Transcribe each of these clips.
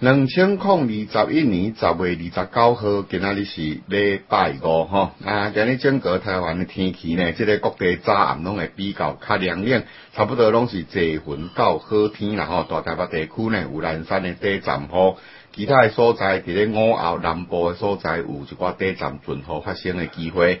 兩千零二十一年十月二十九號，今仔日是禮拜五，哈啊！今日整個台灣的天氣呢，即個各地早暗攏會比較比較涼涼，差不多攏是多雲到好天，然、啊、後大台北地區呢有連山的低陣雨，其他嘅所在佇咧午後南部嘅所在，有一寡低陣准雨發生嘅機會。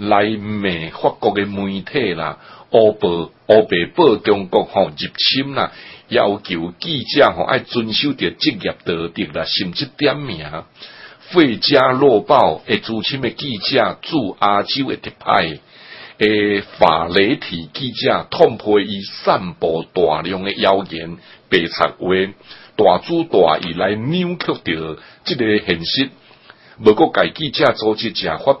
內面法國嘅媒體啦，烏報、烏貝報中國吼、哦、入侵啦，要求記者吼愛遵守着職業道德，德啦，甚至點名費加洛報誒，資深嘅記者駐亞洲誒特派誒法媒體記者，痛批伊散布大量嘅謠言、白賊話，大做大意來扭曲着即個現實。無國界記者組織正發。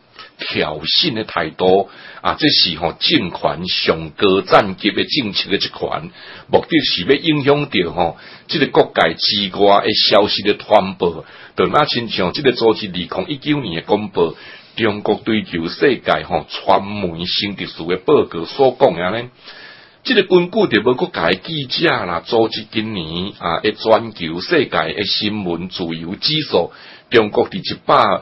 挑釁的態度啊，這是吼、哦、政權上高戰級的政策的一款，目的是要影響着吼這個國界之外的消息的傳播。同那親像、哦、這個組織二零一九年的公布，中國追求世界吼傳、哦、媒新秩序嘅報告所講嘅咧，這個根據的無國界記者啦，組織今年啊，誒，全球世界嘅新聞自由指數，中國佇一百。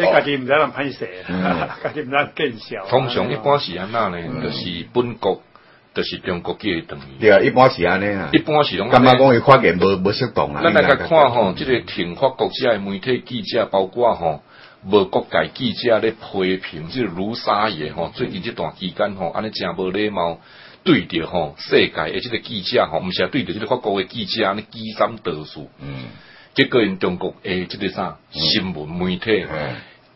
己知你家姐家通常一般是安怎呢、嗯？就是本國就是中國，嘅黨。你一般時間咧，一般是攏感覺講伊發言冇無適當啊？咱大家看吼，即個挺法國家嘅媒體記者，包括吼，無國界記者咧批評，即個盧沙野吼。最近一段期間吼，安尼真無禮貌對著吼世界，而即個記者吼毋是啊，對著即個法國嘅記者，安尼指三道四。嗯，即個用中國誒即個啥、嗯、新聞媒體。嗯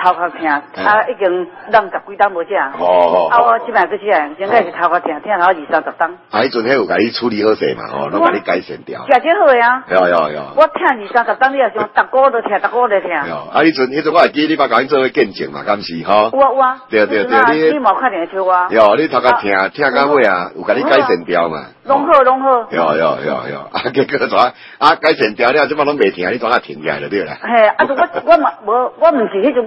頭殼痛、啊哦哦哦啊，啊，已經弄十幾檔無隻，啊，我即擺應該是頭殼痛，痛好二三十檔。啊，迄陣有甲你處理好些嘛，哦，攏甲你改善掉。解決好呀、啊。有有有。我痛二三十檔，你也想，逐哥都痛，逐哥都痛。有。啊，迄陣，迄陣我還記你把搞做為見證嘛，敢是吼。有啊有啊。對對對，你你冇看電視話。有、哦，你頭殼痛，痛講話啊，有甲你改善掉嘛。攏好攏好。有有有有，啊，結果啥、啊？啊，改善掉了，即擺攏未停，你當下停下來了對啦。嘿，啊，我我冇，我唔是迄種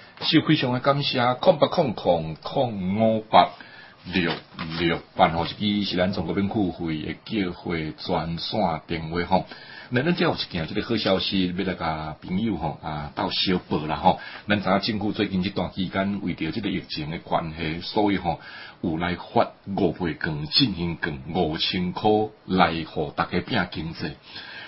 是非常嘅感謝，康八康康康五百六六辦吼，自己是咱中國民聚會嘅機會專線電話吼。那咱今日有一件即個好消息，要來甲朋友吼啊鬥小報啦吼。咱知影政府最近這段期間為着即個疫情嘅關係，所以吼有來發五倍券振興券五千箍來互大家拼經濟。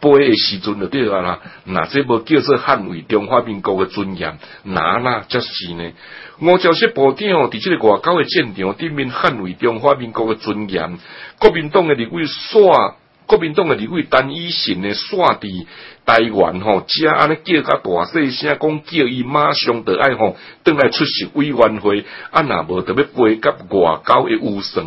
背的時陣就對啦啦，哪只無叫做捍衛中華民國的尊嚴，哪那則是呢？吳釗燮部長佇即個外交的戰場頂面捍衛中華民國的尊嚴，國民黨嘅立委耍，國民黨嘅立委陳以信的耍佇台灣吼，只安尼叫甲大細聲講，叫伊馬上就愛吼，轉來出席委員會，安那無特別背甲外交嘅預算。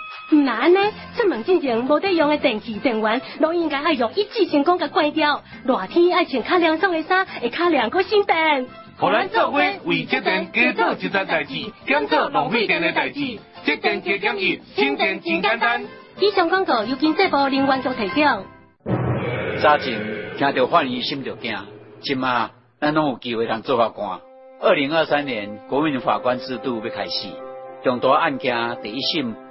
那呢？出門之前冇得用嘅電器電源，都應該愛用一次性工具關掉。熱天愛穿較涼爽嘅衫，會較涼快省電。互咱做伙為節電多做一件代誌，減少浪費電嘅代誌，節電節儉意，省電真簡單。以上廣告由經濟部能源局提供。早前聽到換醫心就驚，今啊，咱攏有機會當做法官。二零二三年國民法官制度要開始，重大案件第一審。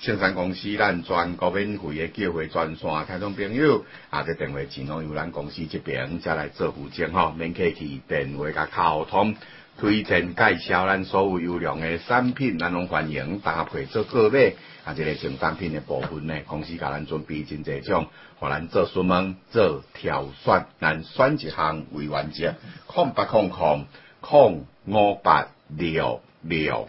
信山公司，咱全國免費嘅機會轉送台中朋友啊！即、這個、電話只能由咱公司這邊，才來做負責吼，免客氣電話甲溝通，推薦介紹咱所有優良嘅產品，咱攏歡迎搭配做購買啊！即上單品嘅部分呢，公司甲咱準備真儕種，互咱做詢問做挑選、咱選一項為原則。空八空空空五八六六。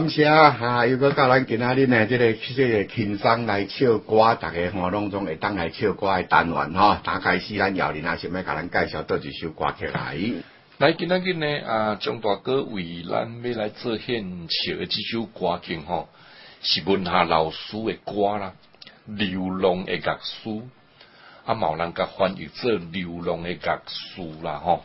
感謝啊！哈，又閣教咱今仔日呢，即、這個即個輕鬆來唱歌，逐個吼攏總會當來唱歌嘅單元吼。打開先，咱由你阿想欲甲咱介紹叨一首歌起來。嗯、來今仔日呢，啊、呃，張大哥為咱要來做獻唱即首歌曲吼，是文夏老師嘅歌啦，《流浪嘅樂書》啊，某人甲翻譯做《流浪嘅樂書》啦，吼。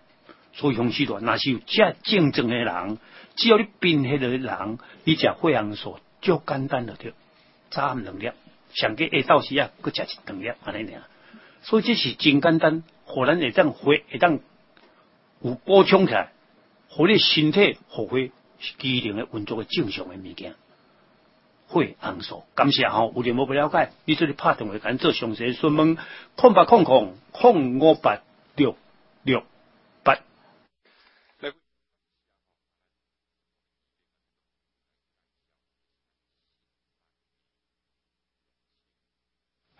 所以，雄起多那是有真症狀的人，只要你變起的，的人，你食血紅素就簡單就對了，早暗兩粒，上計下晝時啊，佫食一兩粒安尼爾。所以，這是真簡單。可能一陣回一陣有補充起來，好，你的身體發揮機能嘅運作嘅正常的物件。血紅素，感謝啊、哦、有啲冇不，不了解，你這裏拍電話趕做詳細詢問，空八，空空空五八六六。六